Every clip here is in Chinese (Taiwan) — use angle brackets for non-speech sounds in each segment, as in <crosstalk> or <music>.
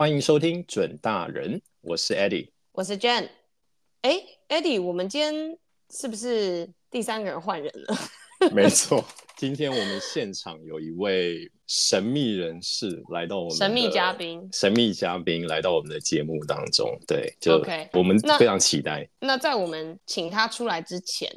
歡迎收聽準大人，我是 Eddie，我是 Jen。哎，Eddie，我們今天是不是第三個人換人了？ <laughs> 沒錯，今天我們現場有一位神秘人士來到我們的神秘嘉賓，神秘嘉賓來到我們的節目當中。對，就 OK，我們非常期待。Okay. 那，那在我們請他出來之前，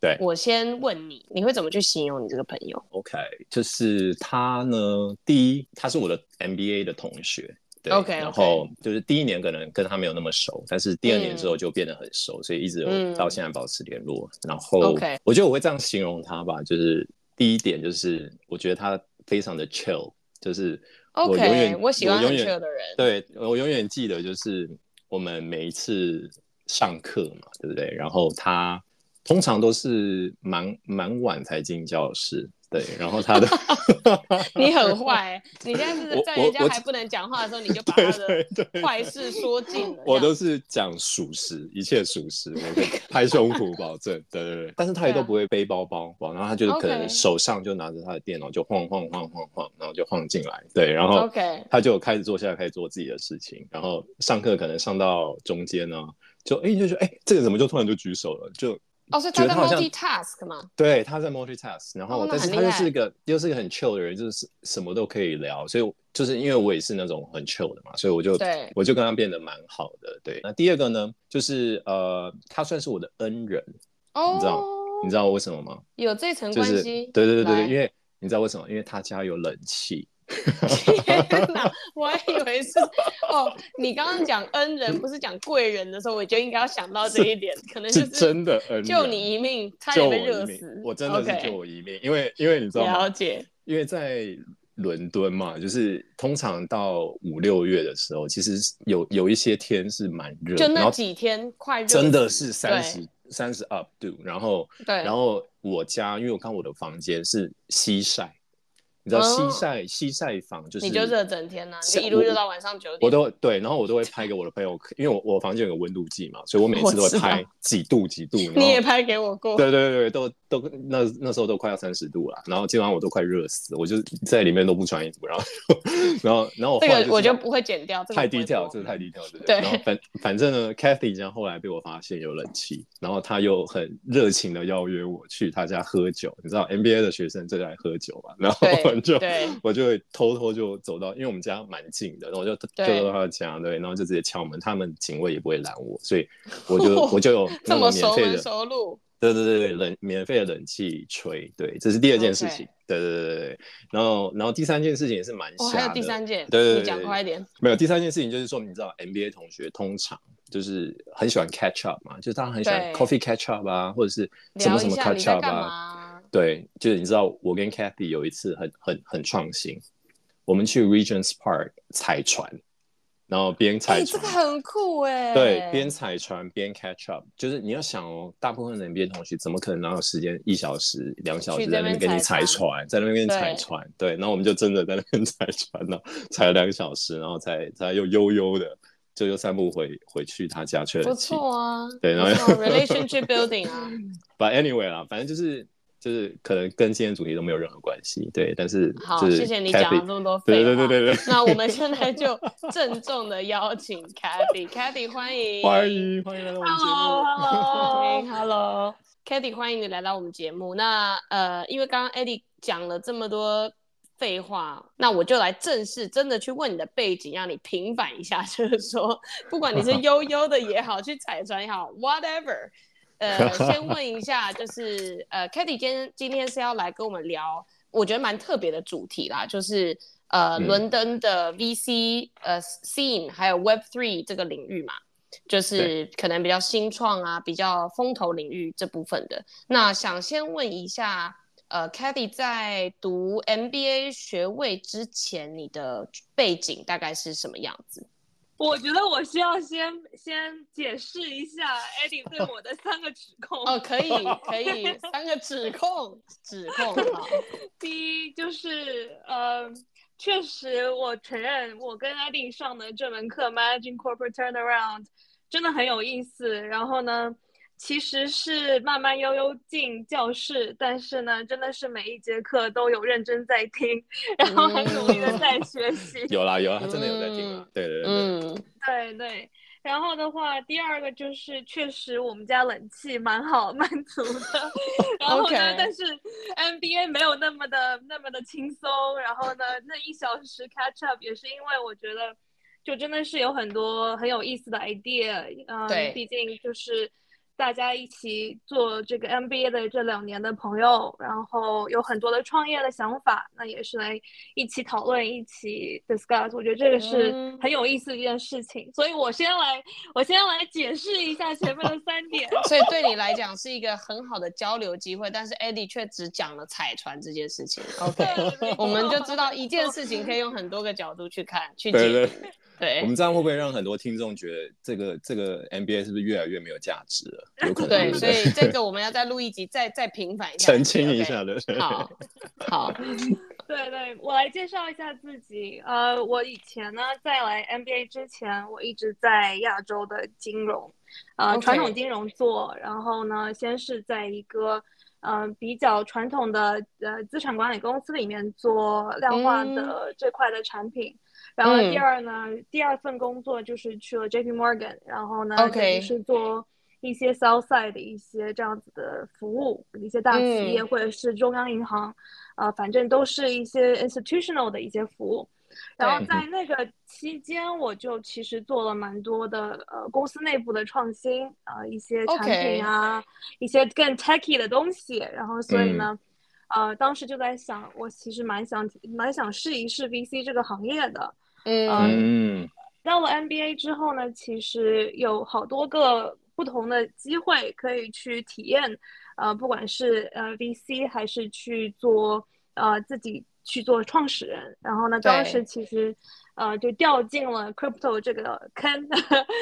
對，我先問你，你會怎麼去形容你這個朋友？OK，就是他呢，第一，他是我的 MBA 的同學。對 OK，okay. 然後就是第一年可能跟他沒有那麼熟，但是第二年之後就變得很熟，嗯、所以一直有到現在保持聯絡。嗯、然後，我覺得我會這樣形容他吧，就是第一點就是我覺得他非常的 chill，就是我永遠我喜歡 chill 的人，我永遠。對，我永遠記得就是我們每一次上課嘛，對不對？然後他通常都是蠻蠻晚才進教室。對，然後他的， <laughs> 你很壞、欸， <laughs> 你現在是在人家還不能講話的時候，你就把他的壞事說盡了。我都是講屬實，一切屬實，我可以拍胸脯保證。 <laughs> 對對對，但是他也都不會背包包， <laughs> 然後他就是可能手上就拿着他的電腦就晃晃晃晃晃晃，然後就晃進來。對，然後他就開始坐下，開始做自己的事情。然後上課可能上到中間呢、啊，就哎就說哎，這個怎麼就突然就舉手了？就哦，所以他在 multitask 嘛。對，他在 multitask，然後、哦、但是他就是一個又、就是一個很 chill 的人，就是什麼都可以聊。所以就是因為我也是那種很 chill 的嘛，所以我就對我就跟他變得蠻好的。對，那第二個呢，就是呃，他算是我的恩人，oh, 你知道？你知道為什麼嗎？有這層關係？對、就是、對對對，來因為你知道為什麼？因為他家有冷氣。天哪！我還以為是哦，你剛剛講恩人不是講貴人的時候，我就應該要想到這一點，可能是真的恩人，救你一命，他也沒熱死。我真的是救我一命，因為因為你知道嗎？了解，因為在倫敦嘛，就是通常到五六月的時候，其實有有一些天是蠻熱的，就那幾天快熱真的是三十三十二度，然後對，然後我家因為我看我的房間是西曬。你知道西曬、哦、西曬房就是你就熱整天、啊、你就一路熱到晚上九點我。我都對，然後我都會拍給我的朋友， <laughs> 因為我我房間有個溫度計嘛，所以我每次都會拍幾度幾度。後你也拍給我過？對，對對對，都都那那時候都快要三十度了，然後今晚我都快熱死了，我就在裡面都不穿衣服，然後然後然後我然、就是、這個我就不會剪掉，這太低調，這個太低調。對，對然後反反正呢，Cathy 這樣後來被我發現有冷氣，然後她又很熱情的邀約我去她家喝酒。你知道 NBA 的學生正在喝酒吧？然後。就對我就會偷偷就走到，因為我們家蠻近的，然後我就就到他家，對，對，然後就直接敲門，他們警衛也不會攔我，所以我就、哦、我就有那種免費的這麼熟門熟路。對對對對，冷免費的冷氣吹，對，這是第二件事情。Okay. 對對對對然後然後第三件事情也是蠻瞎的、哦，還有第三件，對對對，講快一點。沒有第三件事情就是說，你知道 NBA 同學通常就是很喜歡 catch up 嘛，就他很喜歡 coffee catch up 啊，對或者是什麼什麼 catch up 啊。對，就是你知道，我跟 Cathy 有一次很很很創新，我們去 Regent's Park 踩船，然後邊踩，這個很酷哎。對，邊踩船邊 catch up，就是你要想哦，大部分人邊同學怎麼可能有時間一小時、兩小時在那邊跟你踩船，踩船在那邊跟你踩船？對，對，然後我們就真的在那邊踩船了，踩了兩個小時，然後才才又悠悠的就又散步回回去他家去了起。不錯啊，對，然後、no、relationship building <laughs> 啊。But anyway 啊，反正就是。就是可能跟今天主題都沒有任何關係，對，但是，是 Cathy，好，謝謝你講了這麼多廢話。對對對對、對 <laughs> 那我們現在就鄭重的邀請 Cathy，Cathy 歡迎。歡迎歡迎來到我們節目。Hello，Hello，Cathy Okay ,歡迎你來到我們節目。那呃，因為剛剛 Eddie 講了這麼多廢話，那我就來正式真的去問你的背景，讓你平反一下，就是說不管你是悠悠的也好， <laughs> 去踩傳也好，whatever。 <laughs> 呃，先問一下，就是呃，Cathy 今天今天是要來跟我們聊，我覺得蠻特別的主題啦，就是呃，嗯、倫敦的 VC 呃 scene 還有 Web3 這個領域嘛，就是可能比較新創啊，對比較風投領域這部分的。那想先問一下，呃，Cathy 在讀 MBA 學位之前，你的背景大概是什麼樣子？我覺得我需要先先解釋一下，Eddie 對我的三個指控。 <laughs> 哦，可以可以，三個指控 <laughs> 指控。好。第一就是，呃，確實我承認，我跟 Eddie 上的這門課《Managing Corporate Turnaround》真的很有意思。然後呢，其實是慢慢悠悠進教室，但是呢，真的是每一節課都有認真在聽，然後很努力的在學習。有啦、嗯、有啦，他、嗯、真的有在聽。對對對，嗯，對對。然後的話，第二個就是確實我們家冷氣蠻好蠻足的。然後呢，Okay. 但是 MBA 沒有那麼的那麼的輕鬆。然後呢，那一小時 catch up 也是因為我覺得，就真的是有很多很有意思的 idea。嗯，對畢竟就是。大家一起做這個 MBA 的這兩年的朋友，然後有很多的創業的想法，那也是來一起討論、一起 discuss。我覺得這個是很有意思的一件事情。嗯、所以我先來，我先來解釋一下前面的三點。所以對你來講是一個很好的交流機會， <laughs> 但是 Eddie 卻只講了踩船這件事情。OK，對我們就知道一件事情可以用很多個角度去看、去解讀。對，我們這樣會不會讓很多聽眾覺得這個這個 MBA 是不是越來越沒有價值了？有可能，就是、對，所以 <laughs> 這個我們要再錄一集， <laughs> 再再平反一下，澄清一下的。Okay. 對好， <laughs> 好，對對，我來介紹一下自己。呃，我以前呢，在來 MBA 之前，我一直在亞洲的金融，呃，Okay. 傳統金融做，然後呢，先是在一個嗯、呃、比較傳統的呃資產管理公司裡面做量化的這塊的產品。嗯然後第二呢，嗯、第二份工作就是去了 J.P. Morgan，然後呢就 Okay. 是做一些 sell side 的一些這樣子的服務，一些大企業或者是中央銀行，嗯呃、反正都是一些 institutional 的一些服務。然後在那個期間，我就其實做了蠻多的呃公司內部的創新啊、呃，一些產品啊，Okay. 一些更 techie 的東西。然後所以呢，嗯、呃，當時就在想，我其實蠻想蠻想試一試 VC 這個行業的。嗯，嗯到了 MBA 之後呢，其實有好多個不同的機會可以去體驗，呃，不管是呃 VC 還是去做呃自己去做創始人，然後呢，當時其實對呃就掉進了 crypto 這個坑，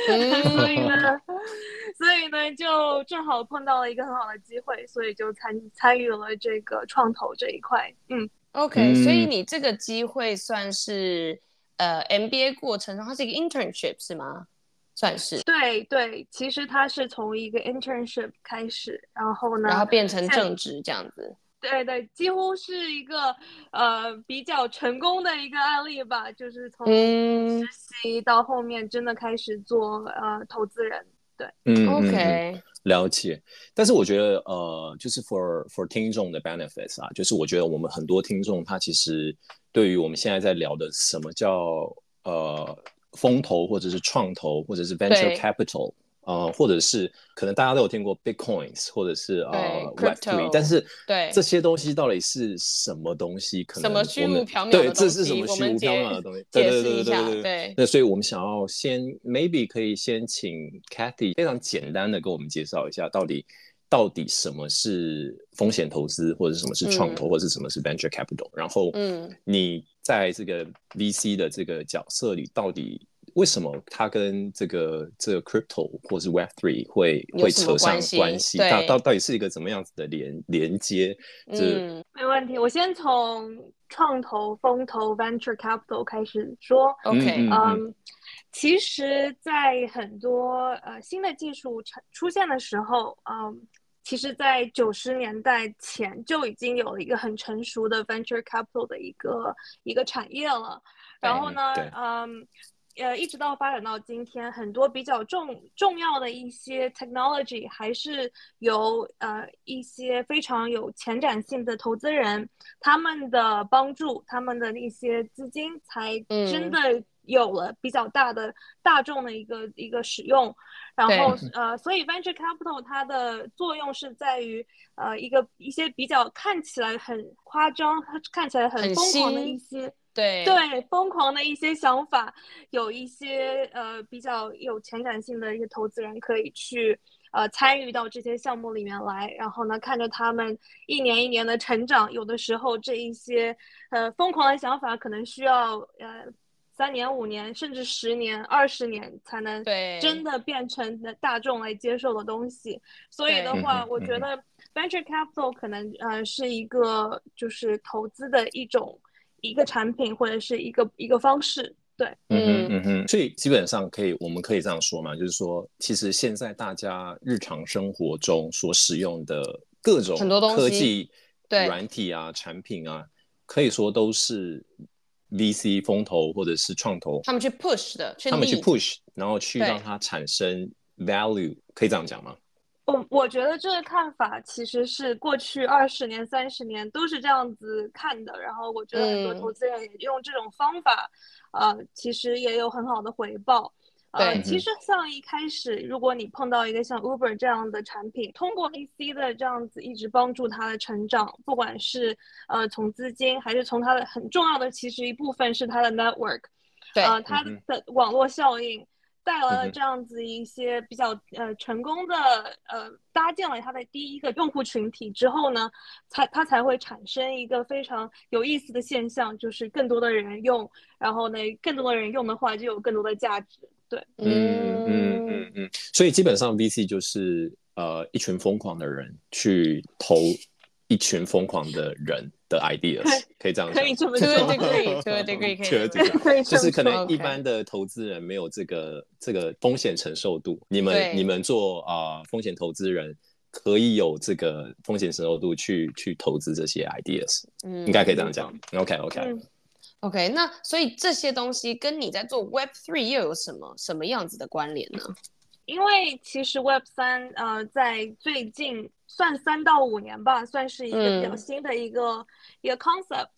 嗯、 <laughs> 所以呢， <laughs> 所以呢就正好碰到了一個很好的機會，所以就參參與了這個創投這一塊。嗯，OK，嗯所以你這個機會算是。呃，MBA 過程中，它是一個 internship 是嗎？算是。對對，其實它是從一個 internship 開始，然後呢，然後變成正職現在，這樣子。對對，幾乎是一個呃比較成功的一個案例吧，就是從實習到後面真的開始做、嗯、呃投資人。嗯，嗯，嗯，OK，了解。但是我覺得，呃，就是 for for 聽眾的 benefits 啊，就是我覺得我們很多聽眾他其實對於我們現在在聊的什麼叫，呃，風投或者是創投或者是 venture capital。呃，或者是可能大家都有聽過 bitcoins，或者是對呃 Web 3但是對這些東西到底是什麼東西？可能是什麼虛無縹緲的東西？對對對對對對，對，那所以我們想要先 maybe 可以先請 Cathy 非常簡單的給我們介紹一下，到底到底什麼是風險投資，或者什麼是創投，嗯、或者什麼是 venture capital。然後，嗯，你在這個 VC 的這個角色裡到底？為什麼它跟這個這個 Crypto 或是 Web 3會會扯上關係？它對到到底是一個怎麼樣子的連連接？嗯，就沒問題。我先從創投、風投、Venture Capital 開始說。OK，嗯，嗯其實，在很多呃新的技術出現的時候，嗯，其實在九十年代前就已經有了一個很成熟的 Venture Capital 的一個一個產業了。然後呢，嗯。呃，一直到發展到今天，很多比較重重要的一些 technology 還是由呃一些非常有前瞻性的投資人他們的幫助，他們的一些資金才真的有了比較大的、嗯、大眾的一個一個使用。然後對呃，所以 venture capital 它的作用是在於呃一個一些比較看起來很誇張，看起來很瘋狂的一些。對對，瘋狂的一些想法，有一些呃比較有前瞻性的一些投資人可以去呃參與到這些項目裡面來，然後呢看着他們一年一年的成長，有的時候這一些呃瘋狂的想法可能需要呃三年五年甚至十年二十年才能真的變成大眾來接受的東西，所以的話，對我覺得 venture capital 可能呃是一個就是投資的一種。一個產品或者是一個一個方式，對，嗯哼嗯哼，所以基本上可以，我們可以這樣說嘛，就是說，其實現在大家日常生活中所使用的各種科技、軟體啊、產品啊，可以說都是 VC、風投或者是創投他們去 push 的，他們去 push，膩然後去讓它產生 value，對可以這樣講嗎？我我覺得這個看法其實是過去二十年、三十年都是這樣子看的。然後我覺得很多投資人也用這種方法、嗯呃，其實也有很好的回報。對。其實像一開始，如果你碰到一個像 Uber 這樣的產品，通過 VC 的這樣子一直幫助它的成長，不管是呃從資金還是從它的很重要的其實一部分是它的 network，對、呃，它的網絡效應。嗯帶了這樣子一些比較呃成功的呃搭建了它的第一個用戶群體之後呢，才它,它才會產生一個非常有意思的現象，就是更多的人用，然後呢更多的人用的話就有更多的價值，對，嗯嗯嗯，所以基本上 VC 就是呃一群瘋狂的人去投。一群瘋狂的人的 ideas，可以這樣說，可以這麼說，對，可以，可以可以，可以可以可以 <laughs> 就是可能一般的投資人沒有這個這個風險承受度，對你們你們做啊、呃、風險投資人可以有這個風險承受度去去投資這些 ideas，嗯，應該可以這樣講、嗯、，OK OK OK，那所以這些東西跟你在做 Web 3又有什麼什麼樣子的關聯呢？因為其實 Web 三，呃，在最近算三到五年吧，算是一個比較新的一個、嗯、一個 concept。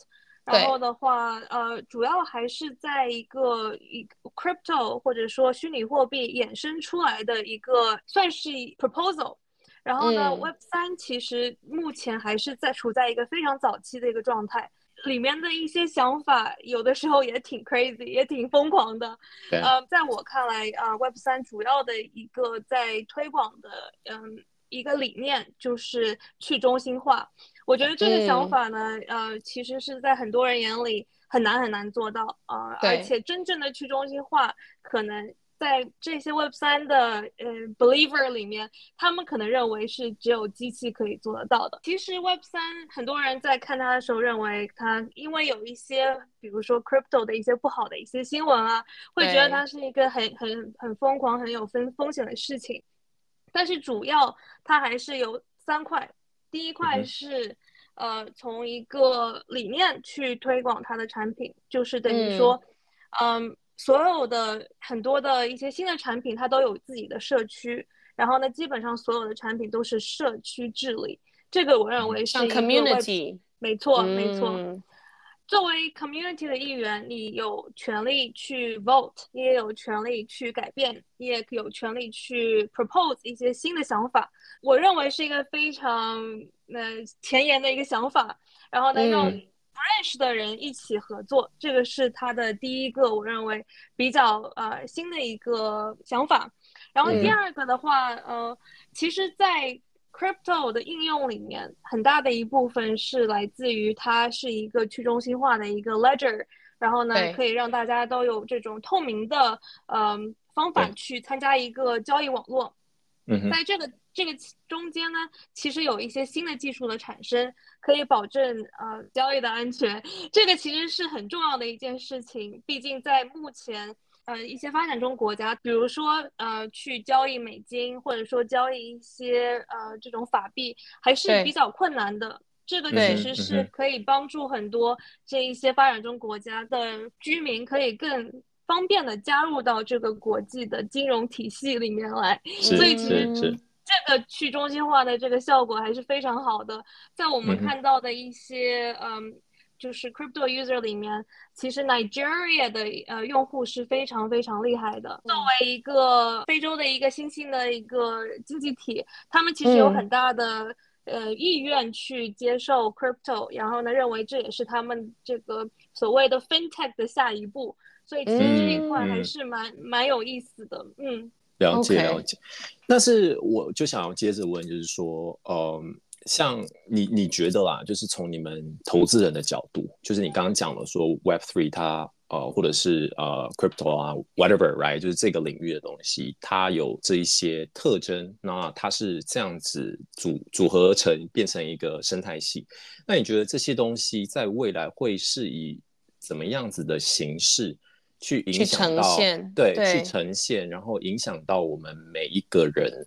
然後的話，對呃，主要還是在一個一個 crypto 或者說虛擬貨幣衍生出來的一個算是 proposal。然後呢、嗯、，Web 三其實目前還是在處在一個非常早期的一個狀態。裡面的一些想法，有的時候也挺 crazy，也挺瘋狂的。對呃，在我看來，啊，呃，Web 3主要的一個在推廣的，嗯，一個理念就是去中心化。我覺得這個想法呢，對呃，其實是在很多人眼裡很難很難做到啊。呃，對而且，真正的去中心化可能。在這些 Web 三的嗯、uh, believer 裡面，他們可能認為是只有機器可以做得到的。其實 Web 三很多人在看它的時候，認為它，因為有一些比如說 crypto 的一些不好的一些新聞啊，會覺得它是一個很對很很瘋狂、很有風風險的事情。但是主要它還是有三塊，第一塊是、嗯、呃從一個理念去推廣它的產品，就是等於說嗯。Um, 所有的很多的一些新的產品，它都有自己的社區。然後呢，基本上所有的產品都是社區治理。這個我認為是 community，沒錯、嗯、沒錯。作為 community 的一員，你有權利去 vote，你也有權利去改變，你也有權利去 propose 一些新的想法。我認為是一個非常呃前沿的一個想法。然後呢，用、嗯。不認識的人一起合作，這個是它的第一個，我認為比較呃新的一個想法。然後第二個的話，嗯、呃，其實，在 crypto 的應用裡面，很大的一部分是來自於它是一個去中心化的一個 ledger，然後呢對可以讓大家都有這種透明的呃方法去參加一個交易網絡。嗯哼，在這個。這個中間呢，其實有一些新的技術的產生，可以保證呃交易的安全，這個其實是很重要的一件事情。畢竟在目前，呃一些發展中國家，比如說呃去交易美金，或者說交易一些呃這種法幣，還是比較困難的。對這個其實是可以幫助很多這一些發展中國家的居民，可以更方便的加入到這個國際的金融體系裡面來。所以其實是是是。嗯這個去中心化的這個效果還是非常好的，在我們看到的一些，mm hmm. 嗯，就是 crypto user 裡面，其實 Nigeria 的呃用戶是非常非常厲害的。作為一個非洲的一個新興的一個經濟體，他們其實有很大的、mm hmm. 呃意願去接受 crypto，然後呢，認為這也是他們這個所謂的 fintech 的下一步。所以其實這一塊還是蠻、mm hmm. 蠻有意思的，嗯。了解 Okay. 了解，但是我就想要接着問，就是說，嗯、呃，像你你覺得啦，就是從你們投資人的角度，就是你剛剛講了說，Web three 它呃，或者是呃，Crypto 啊，whatever，right？就是這個領域的東西，它有這一些特徵，那它是這樣子組組合成變成一個生態系，那你覺得這些東西在未來會是以怎麼樣子的形式？去影響到對，對，去呈現，然後影響到我們每一個人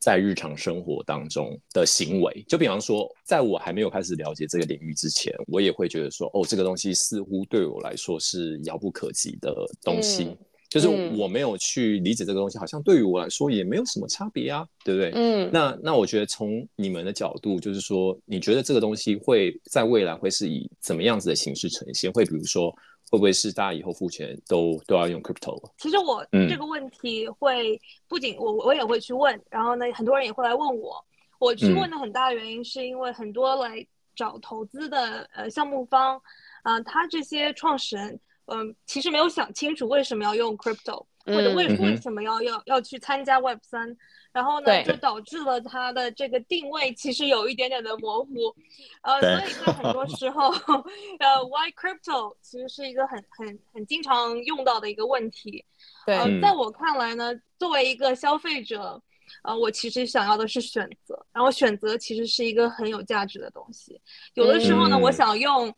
在日常生活當中的行為。就比方說，在我還沒有開始了解這個領域之前，我也會覺得說，哦，這個東西似乎對我來說是遙不可及的東西。嗯就是我沒有去理解這個東西，嗯、好像對於我來說也沒有什麼差別啊，對不對？嗯，那那我覺得從你們的角度，就是說，你覺得這個東西會在未來會是以怎麼樣子的形式呈現？會比如說，會不會是大家以後付錢都都要用 crypto？其實我這個問題會、嗯、不僅我我也會去問，然後呢，很多人也會來問我。我去問的很大的原因是因為很多來找投資的呃項目方，啊、呃，他這些創始人。嗯，其實沒有想清楚為什麼要用 crypto，、嗯、或者為為什麼要、嗯、哼要要去參加 Web 3，然後呢，對就導致了它的這個定位其實有一點點的模糊。呃，對所以在很多時候， <laughs> 呃，why crypto 其實是一個很很很經常用到的一個問題。對、呃，在我看來呢，作為一個消費者，呃，我其實想要的是選擇，然後選擇其實是一個很有價值的東西。有的時候呢，嗯、我想用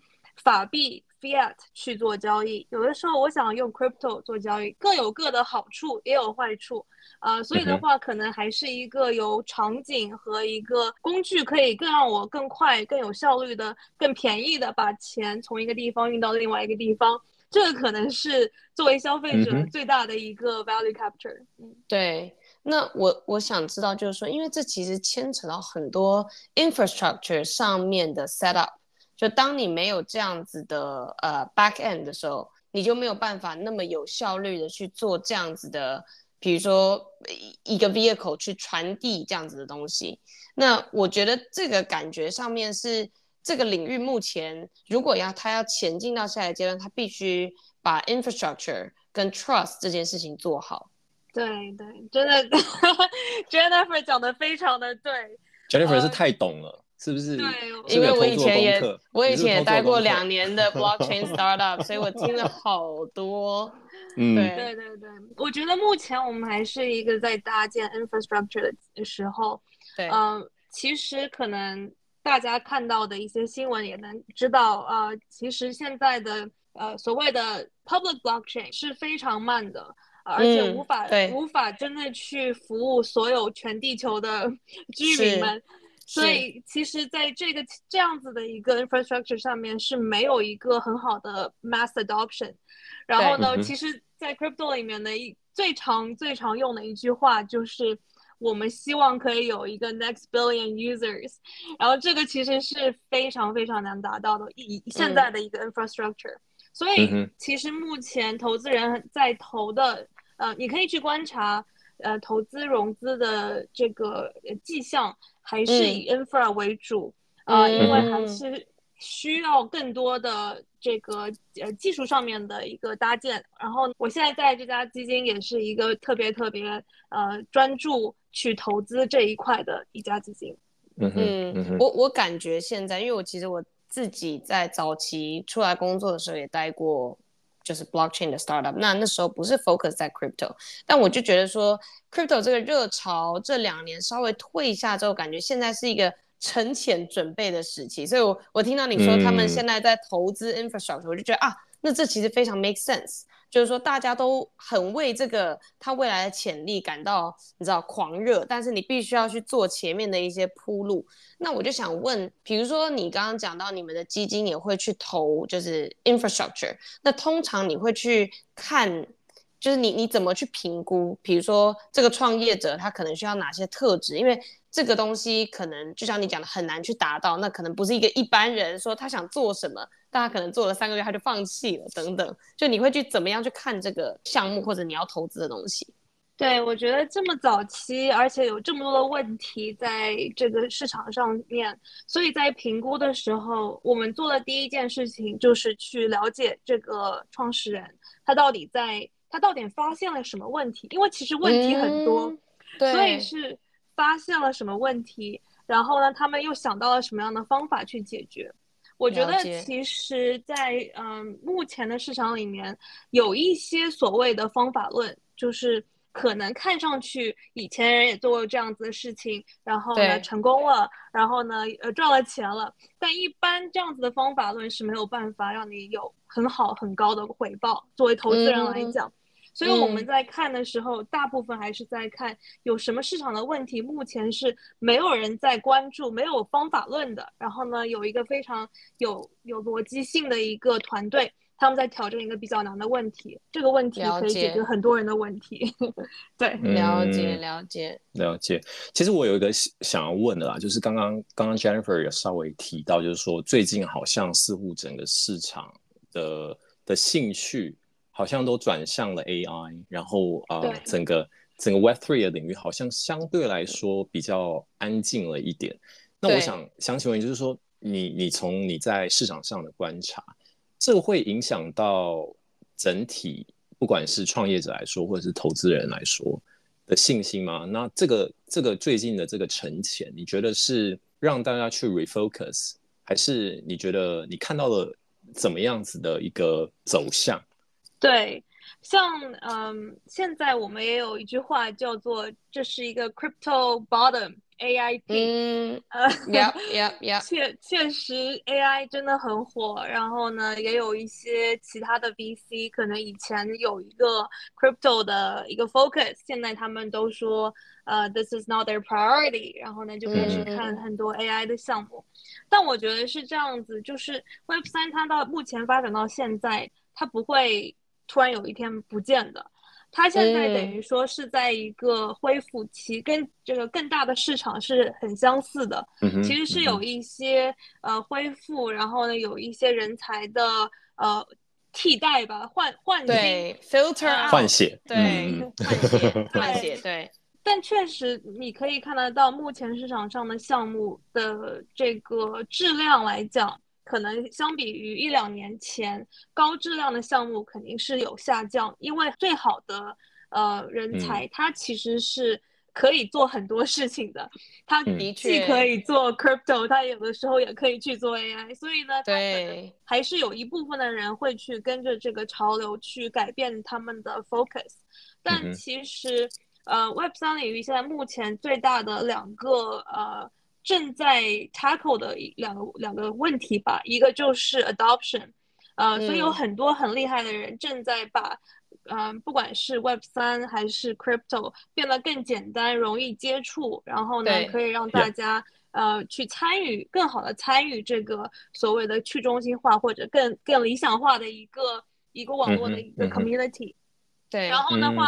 法幣。fiat 去做交易，有的時候我想用 crypto 做交易，各有各的好處，也有壞處，啊、呃，所以的話，可能還是一個由場景和一個工具可以更讓我更快、更有效率的、更便宜的把錢從一個地方運到另外一個地方，這個可能是作為消費者最大的一個 value capture。嗯，對。那我我想知道，就是說，因為這其實牽扯到很多 infrastructure 上面的 setup。就當你沒有這樣子的呃 back end 的時候，你就沒有辦法那麼有效率的去做這樣子的，比如說一個 vehicle 去傳遞這樣子的東西。那我覺得這個感覺上面是這個領域目前，如果要他要前進到下一個階段，他必須把 infrastructure 跟 trust 這件事情做好。對對，真的 <laughs> Jennifer 講的非常的對。Jennifer 是太懂了。呃是不是？對，是是因為我以前也，也我以前也待過兩年的 blockchain startup， <laughs> 所以我聽了好多。 <laughs> 對嗯，對對對，我覺得目前我們還是一個在搭建 infrastructure 的時候。對，嗯、呃，其實可能大家看到的一些新聞也能知道啊、呃，其實現在的呃所謂的 public blockchain 是非常慢的，而且無法、嗯、對無法真的去服務所有全地球的居民們。所以其實，在這個這樣子的一個 infrastructure 上面是沒有一個很好的 mass adoption。然後呢，其實，在 crypto 裡面的一最常、最常用的一句話就是，我們希望可以有一個 next billion users。然後這個其實是非常、非常難達到的，以現在的一個 infrastructure。所以，其實目前投資人在投的，呃，你可以去觀察，呃，投資融資的這個呃跡象。還是以 infra 為主啊，嗯呃，因為還是需要更多的這個呃技術上面的一個搭建。然後我現在在這家基金也是一個特別特別呃專注去投資這一塊的一家基金。嗯嗯，嗯嗯我我感覺現在，因為我其實我自己在早期出來工作的時候也待過。就是 blockchain 的 startup，那那時候不是 focus 在 crypto，但我就覺得說 crypto 這個熱潮這兩年稍微退一下之後，感覺現在是一個沉潛準備的時期，所以我，我我聽到你說他們現在在投資 infrastructure，嗯、我就覺得啊。那這其實非常 make sense，就是說大家都很為這個他未來的潛力感到你知道狂熱，但是你必須要去做前面的一些鋪路。那我就想問，比如說你剛剛講到你們的基金也會去投，就是 infrastructure，那通常你會去看，就是你你怎麼去評估？比如說這個創業者他可能需要哪些特質？因為這個東西可能就像你講的很難去達到，那可能不是一個一般人說他想做什麼。大家可能做了三個月，他就放棄了，等等，就你會去怎麼樣去看這個項目或者你要投資的東西，對？對我覺得這麼早期，而且有這麼多的問題在這個市場上面，所以在評估的時候，我們做的第一件事情就是去了解這個創始人他到底在他到底發現了什麼問題，因為其實問題很多，嗯，對。所以是發現了什麼問題，然後呢，他們又想到了什麼樣的方法去解決。我覺得其實在，在解嗯目前的市場裡面，有一些所謂的方法論，就是可能看上去以前人也做過這樣子的事情，然後呢對成功了，然後呢呃賺了錢了，但一般這樣子的方法論是沒有辦法讓你有很好很高的回報。作為投資人來講。嗯嗯所以我們在看的時候，嗯、大部分還是在看有什麼市場的問題，目前是沒有人在關注，沒有方法論的。然後呢，有一個非常有有邏輯性的一個團隊，他們在挑戰一個比較難的問題，這個問題可以解決很多人的問題。了解。 <laughs> 對、嗯，了解了解了解。其實我有一個想要問的啦，就是剛剛剛剛 Jennifer 有稍微提到，就是說最近好像似乎整個市場的的興趣。好像都轉向了 AI，然後啊對、呃，整個整個 Web Three 的領域好像相對來說比較安靜了一點。對那我想想請問，就是說你你從你在市場上的觀察，這個會影響到整體，不管是創業者來說，或者是投資人來說的信心嗎？那這個這個最近的這個沉潛，你覺得是讓大家去 refocus，還是你覺得你看到了怎麼樣子的一個走向？對，像嗯，現在我們也有一句話叫做“這是一個 crypto bottom AI”，嗯，呃 yeah, yeah, yeah，確確實 AI 真的很火。然後呢，也有一些其他的 VC 可能以前有一個 crypto 的一個 focus，現在他們都說呃，uh，this is not their priority。然後呢，就開始看很多 AI 的項目。Mm. 但我覺得是這樣子，就是 Web 三它到目前發展到現在，它不會。突然有一天不見的，他現在等於說是在一個恢復期，哎、跟這個、就是、更大的市場是很相似的。嗯、哼其實是有一些、嗯、哼呃恢復，然後呢有一些人才的呃替代吧，換換對，filter、啊、換血，對、嗯，換換血，對。對，但確實你可以看得到，目前市場上的項目的這個質量來講。可能相比於一兩年前，高質量的項目肯定是有下降，因為最好的呃人才，嗯、他其實是可以做很多事情的。他的確既可以做 crypto，、嗯、他有的時候也可以去做 AI，、嗯、所以呢，對，他還是有一部分的人會去跟着這個潮流去改變他們的 focus。但其實，嗯、呃，Web3 領域現在目前最大的兩個呃。正在 tackle 的兩個兩個問題吧，一個就是 adoption，呃，嗯、所以有很多很厲害的人正在把，嗯、呃，不管是 Web 3還是 crypto 變得更簡單、容易接觸，然後呢，對可以讓大家 yeah. 呃去參與、更好的參與這個所謂的去中心化或者更更理想化的一個一個網絡的一個 community，、嗯嗯嗯、對。然後的話，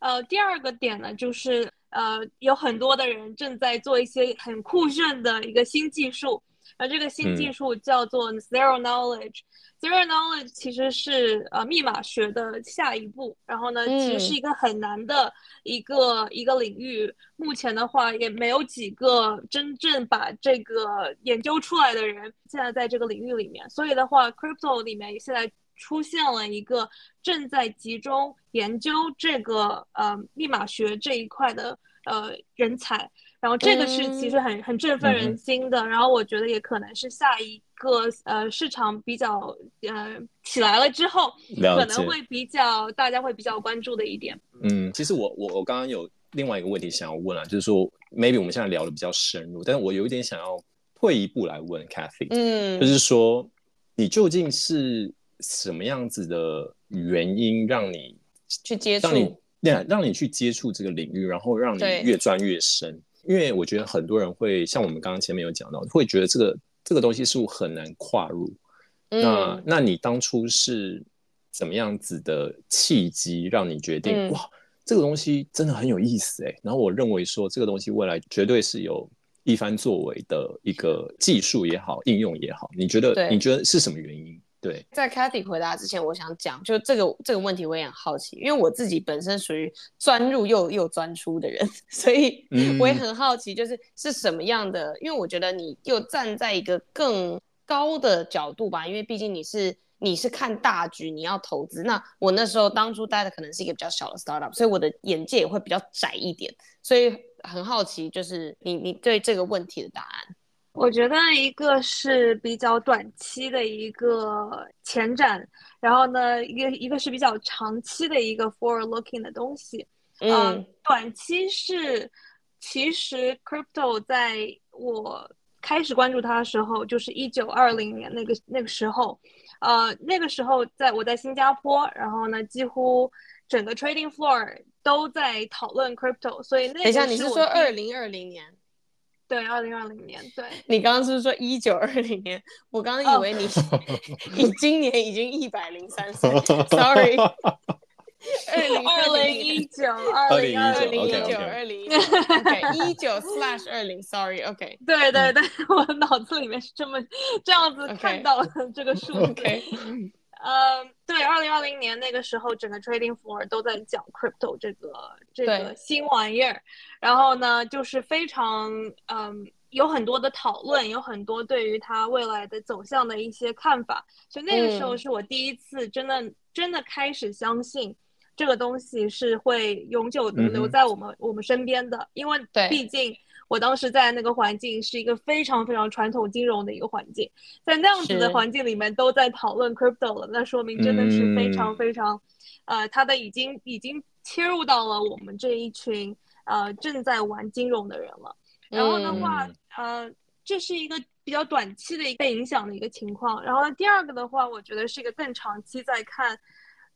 嗯、呃，第二個點呢，就是。呃，有很多的人正在做一些很酷炫的一個新技術，而這個新技術叫做 Zero Knowledge。嗯、Zero Knowledge 其實是呃密碼學的下一步，然後呢，其實是一個很難的一個、嗯、一個領域。目前的話也沒有幾個真正把這個研究出來的人，現在在這個領域裡面，所以的話，Crypto 裡面現在。出現了一個正在集中研究這個呃密碼學這一塊的呃人才，然後這個是其實很、嗯、很振奮人心的，嗯、哼然後我覺得也可能是下一個呃市場比較呃起來了之後可能會比較解大家會比較關注的一點。嗯，其實我我我剛剛有另外一個問題想要問啊，就是說 maybe 我們現在聊的比較深入，但我有一點想要退一步來問 Cathy，嗯，就是說你究竟是。什麼樣子的原因讓你，讓你去接觸，讓你讓讓你去接觸這個領域，然後讓你越鑽越深。對因為我覺得很多人會像我們剛剛前面有講到，會覺得這個這個東西是，是很難跨入。嗯、那那你當初是怎麼樣子的契機讓你決定，嗯、哇，這個東西真的很有意思哎、欸。然後我認為說這個東西未來絕對是有一番作為的一個技術也好，應用也好。你覺得對你覺得是什麼原因？對，在 Cathy 回答之前，我想講，就這個這個問題我也很好奇，因為我自己本身屬於鑽入又又鑽出的人，所以我也很好奇，就是、嗯、是什麼樣的？因為我覺得你又站在一個更高的角度吧，因為畢竟你是你是看大局，你要投資。那我那時候當初待的可能是一個比較小的 startup，所以我的眼界也會比較窄一點，所以很好奇，就是你你對這個問題的答案。我覺得一個是比較短期的一個前瞻，然後呢，一個一個是比較長期的一個 forward looking 的東西。嗯，uh, 短期是其實 crypto 在我開始關注它的時候，就是一九二零年那個那個時候，uh, 那個時候在我在新加坡，然後呢，幾乎整個 trading floor 都在討論 crypto，所以那，等一下，你是說二零二零年？對，二零二零年。對，你剛剛是不是說一九二零年？我剛剛以為你、oh. <laughs> 你今年已經一百零三歲。Sorry，二零二零一九二零二零一九二零，一九 slash 二零。Sorry，OK、okay. <laughs> 對對對，但是我腦子裡面是這麼這樣子看到了這個數字。Okay. Okay. 嗯，um, 對，二零二零年那個時候，整個 Trading Floor 都在講 Crypto 這個對這個新玩意兒，然後呢，就是非常嗯，um, 有很多的討論，有很多對於它未來的走向的一些看法。所以那個時候是我第一次真的、嗯、真的開始相信這個東西是會永久的留在我們、嗯、哼我們身邊的，因為畢竟。我當時在那個環境是一個非常非常傳統金融的一個環境，在那樣子的環境裡面都在討論 crypto 了，是那說明真的是非常非常，嗯、呃，它的已經已經切入到了我們這一群呃正在玩金融的人了。然後的話，嗯、呃，這是一個比較短期的一個被影響的一個情況。然後第二個的話，我覺得是一個更長期在看。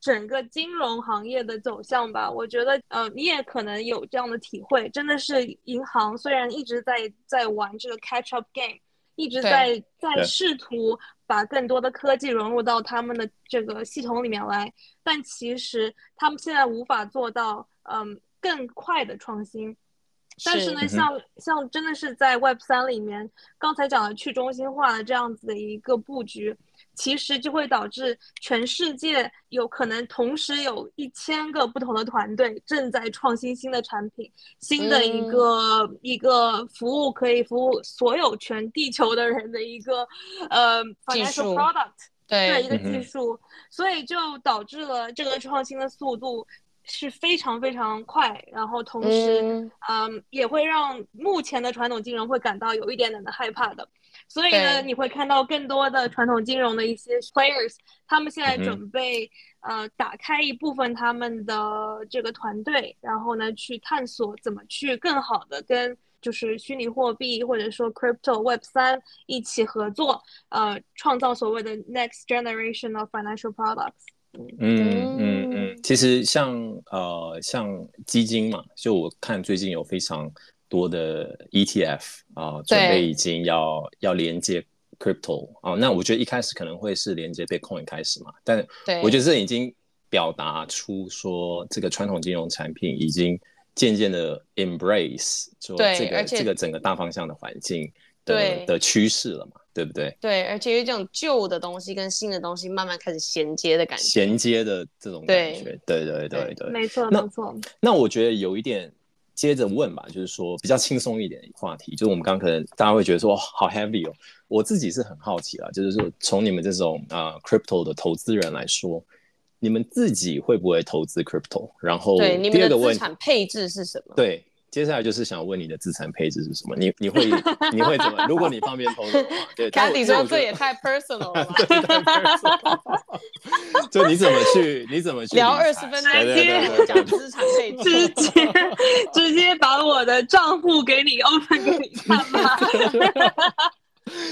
整個金融行業的走向吧，我覺得，呃，你也可能有這樣的體會，真的是銀行雖然一直在在玩這個 catch up game，一直在對在試圖把更多的科技融入到他們的這個系統裡面來，但其實他們現在無法做到，嗯，更快的創新。但是呢，是像、嗯、哼像真的是在 Web 3裡面，剛才講的去中心化的這樣子的一個布局。其實就會導致全世界有可能同時有一千個不同的團隊正在創新新的產品，新的一個、嗯、一個服務，可以服務所有全地球的人的一個呃 financial product，對，對、嗯、哼一個技術，所以就導致了這個創新的速度是非常非常快，然後同時嗯，嗯也會讓目前的傳統金融會感到有一點點的害怕的。所以呢，對你會看到更多的傳統金融的一些 players，他們現在準備、嗯、呃打開一部分他們的這個團隊，然後呢去探索怎麼去更好的跟就是虛擬貨幣或者說 crypto Web 3一起合作，呃，創造所謂的 next generation of financial products。嗯嗯嗯，嗯，其實像呃像基金嘛，就我看最近有非常多的 ETF 啊、呃，對準備已經要要連接 crypto 啊、呃，那我覺得一開始可能會是連接 Bitcoin 開始嘛，但我覺得這已經表達出說這個傳統金融產品已經漸漸的 embrace 說這個這個整個大方向的環境的對的趨勢了嘛，對不對？對，而且這種舊的東西跟新的東西慢慢開始銜接的感覺，銜接的這種感覺，對對對對對，沒錯沒錯。那,沒錯那我覺得有一點。接着問吧，就是說比較輕鬆一點的話題，就是我們剛剛可能大家會覺得說好 heavy 哦，我自己是很好奇了啊，就是說從你們這種啊 crypto 的投資人來說，你們自己會不會投資 crypto？然後第二個問題，對，你們的資產配置是什麼？對。接下來就是想問你的資產配置是什麼？你你會你會怎麼？如果你方便透露，Cathy 說，這也太 personal 了，就你怎麼去你怎麼去聊二十分鐘，直接講資產配置，直接直接把我的賬戶給你 open 給你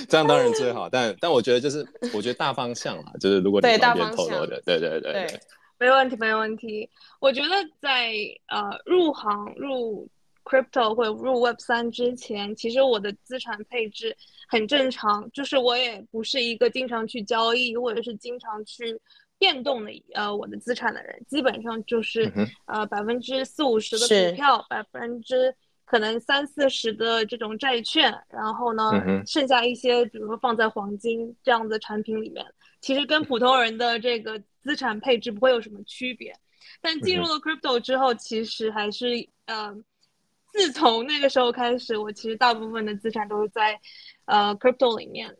這樣當然最好，但但我覺得就是我覺得大方向嘛，就是如果你方便透露的，對對對對，沒問題沒問題，我覺得在呃入行入。crypto 或者入 Web 三之前，其實我的資產配置很正常，就是我也不是一個經常去交易或者是經常去變動的呃我的資產的人，基本上就是、uh huh. 呃百分之四五十的股票，百分之可能三四十的這種債券，然後呢、uh huh. 剩下一些比如說放在黃金這樣的產品裡面，其實跟普通人的這個資產配置不會有什麼區別，但進入了 crypto 之後，其實還是嗯。Uh huh. 呃自從那個時候開始，我其實大部分的資產都是在，呃，crypto 裡面。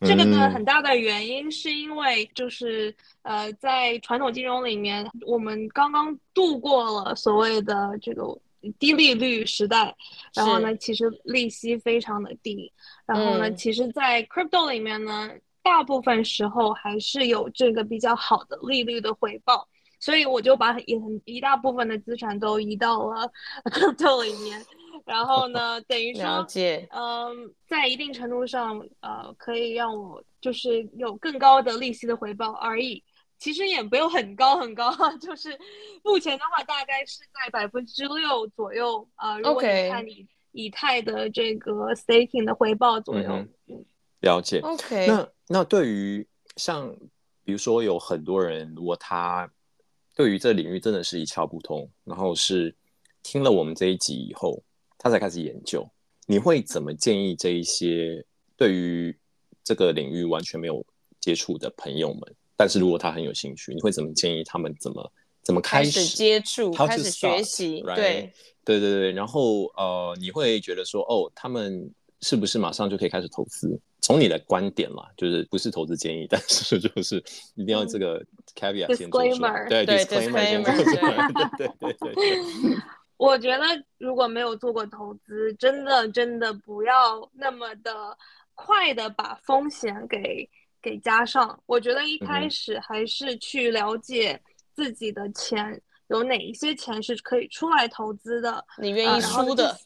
這個呢，嗯、很大的原因是因為就是呃，在傳統金融裡面，我們剛剛度過了所謂的這個低利率時代，然後呢，是其實利息非常的低。然後呢，嗯、其實，在 crypto 裡面呢，大部分時候還是有這個比較好的利率的回報。所以我就把很一大部分的資產都移到了 crypto <laughs> 裡面，然後呢，等於說，嗯了解、呃，在一定程度上，呃，可以讓我就是有更高的利息的回報而已。其實也不用很高很高，就是目前的話大概是在百分之六左右啊、呃。如果你看你以太的這個 staking 的回報左右，嗯嗯了解。OK，那那對於像比如說有很多人，如果他對於這領域真的是一竅不通，然後是聽了我們這一集以後，他才開始研究。你會怎麼建議這一些對於這個領域完全沒有接觸的朋友們？但是如果他很有興趣，你會怎麼建議他們怎麼怎麼開始，開始接觸，How to start, 開始學習？right? 對對對對，然後呃，你會覺得說哦，他們。是不是馬上就可以開始投資？從你的觀點啦，就是不是投資建議，但是就是一定要這個 caveat 先做。對對對對對對。我覺得如果沒有做過投資，真的真的不要那麼的快的把風險給給加上。我覺得一開始還是去了解自己的錢，自己的錢有哪一些錢是可以出來投資的。嗯呃，你願意輸的。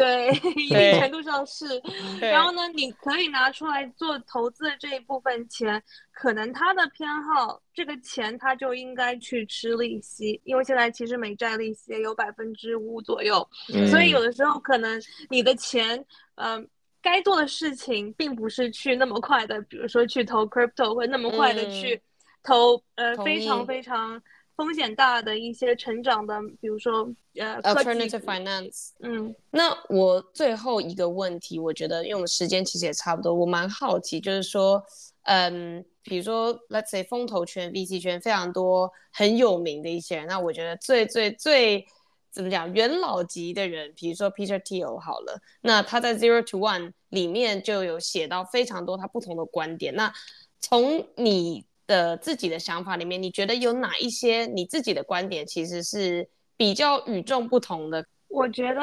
對，一定程度上是。Okay. 然後呢，你可以拿出來做投資的這一部分錢，可能他的偏好，這個錢他就應該去吃利息，因為現在其實美債利息也有百分之五左右，嗯、所以有的時候可能你的錢，嗯、呃，該做的事情並不是去那麼快的，比如說去投 crypto，或那麼快的去投，嗯、呃，意非常非常。風險大的一些成長的，比如說呃，alternative finance。嗯，那我最後一個問題，我覺得用的時間其實也差不多。我蠻好奇，就是說，嗯，比如說，let's say 風投圈、VC 圈非常多很有名的一些人，那我覺得最最最怎麼講元老級的人，比如說 Peter Thiel 好了，那他在 Zero to One 裡面就有寫到非常多他不同的觀點。那從你。的自己的想法裡面，你覺得有哪一些你自己的觀點其實是比較與眾不同的？我覺得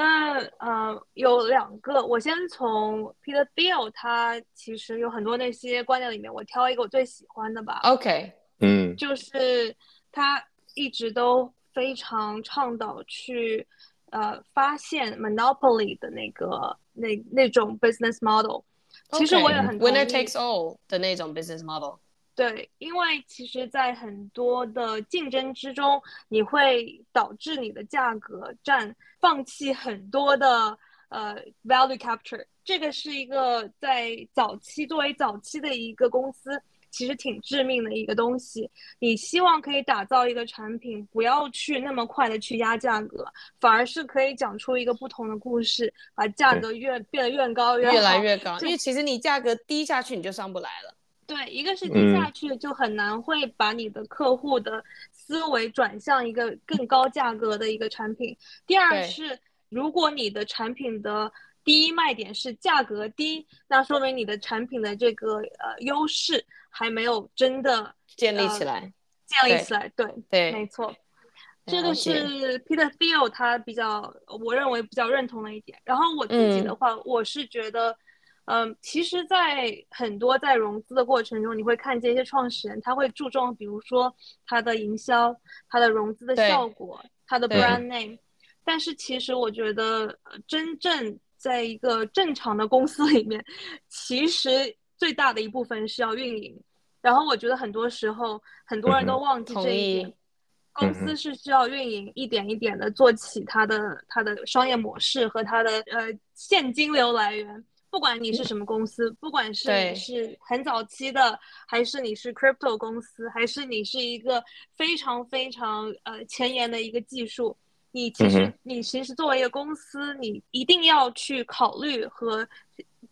呃有兩個，我先從 Peter Thiel 他其實有很多那些觀點裡面，我挑一個我最喜歡的吧。OK，嗯，mm. 就是他一直都非常倡導去呃發現 Monopoly 的那個那那種 business model，Okay. 其實我也很同意，Winner takes all 的那種 business model。對，因為其實，在很多的競爭之中，你會導致你的價格戰，放棄很多的呃 value capture。這個是一個在早期作為早期的一個公司，其實挺致命的一個東西。你希望可以打造一個產品，不要去那麼快的去壓價格，反而是可以講出一個不同的故事，把價格越變得越高越好，嗯、越來越高，就因為其實你價格低下去，你就上不來了。對，一個是低下去，嗯、就很難會把你的客戶的思維轉向一個更高價格的一個產品。第二是，對如果你的產品的第一賣點是價格低，那說明你的產品的這個呃優勢還沒有真的建立起來，呃。建立起來，對對，對沒錯。對這個是 Peter Thiel 他比較，我認為比較認同的一點。然後我自己的話，嗯，我是覺得。嗯，其實，在很多在融資的過程中，你會看見一些創始人，他會注重，比如說他的營銷、他的融資的效果、對他的 brand name 對。但是，其實我覺得，真正在一個正常的公司裡面，其實最大的一部分是要運營。然後，我覺得很多時候，很多人都忘記這一點，意公司是需要運營，一點一點的做起它的、嗯、哼它的商業模式和它的呃現金流來源。不管你是什麼公司，嗯、不管是你是很早期的，還是你是 crypto 公司，還是你是一個非常非常呃前沿的一個技術，你其實、嗯、哼你其實作為一個公司，你一定要去考慮和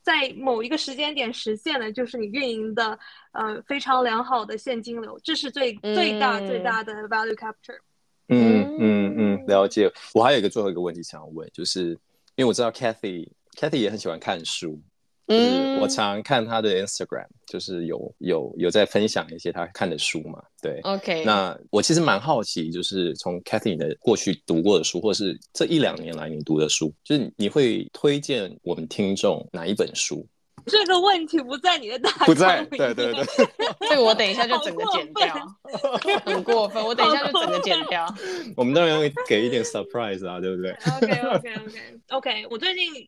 在某一個時間點實現的，就是你運營的呃非常良好的現金流，這是最、嗯、最大最大的 value capture。嗯嗯嗯，了解。我還有一個最後一個問題想要問，就是因為我知道 Cathy。Cathy 也很喜歡看書，嗯，我常看她的 Instagram，就是有有有在分享一些她看的書嘛。對，OK。那我其實蠻好奇，就是從 Cathy 的過去讀過的書，或是這一兩年來你讀的書，就是你會推薦我們聽眾哪一本書？這個問題不在你的大腦，不在，對對對。所以 <laughs> 我等一下就整個剪掉，過 <laughs> 很過分。我等一下就整個剪掉。我們當然會給一點 surprise 啊，對不對？OK OK OK OK，我最近。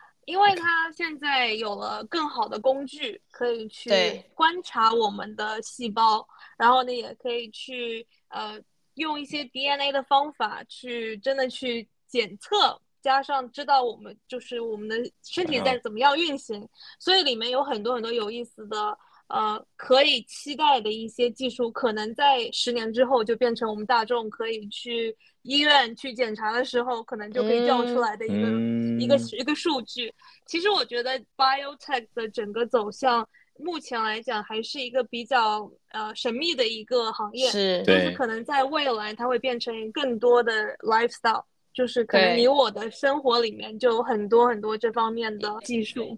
因為他現在有了更好的工具，可以去觀察我們的細胞，對然後呢，也可以去呃，用一些 DNA 的方法去真的去檢測，加上知道我們就是我們的身體在怎麼樣運行，哎、呦所以裡面有很多很多有意思的。呃，可以期待的一些技術，可能在十年之後就變成我們大眾可以去醫院去檢查的時候，可能就可以調出來的一個、嗯、一個、嗯、一個數據。其實我覺得 biotech 的整個走向，目前來講還是一個比較呃神秘的一個行業，是，但是可能在未來，它會變成更多的 lifestyle，就是可能你我的生活裡面就有很多很多這方面的技術。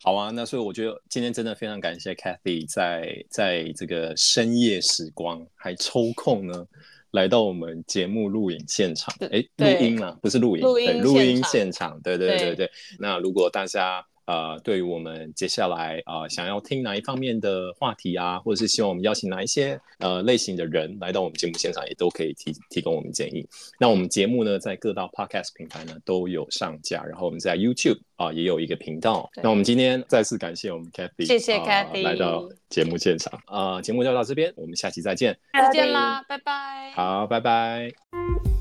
好啊，那所以我覺得今天真的非常感謝 Cathy 在在這個深夜時光還抽空呢來到我們節目錄影現場，哎，錄音啊，不是錄影，錄音現場，對對對對。對，那如果大家。呃、對於我們接下來啊、呃，想要聽哪一方面的話題啊，或者是希望我們邀請哪一些呃類型的人來到我們節目現場，也都可以提提供我們建議。那我們節目呢，在各大 podcast 平臺呢都有上架，然後我們在 YouTube 啊、呃、也有一個頻道。對那我們今天再次感謝我們 Cathy，謝謝 Cathy、呃、來到節目現場啊、呃，節目就到這邊，我們下期再見，再見啦，拜拜，拜拜，好，拜拜。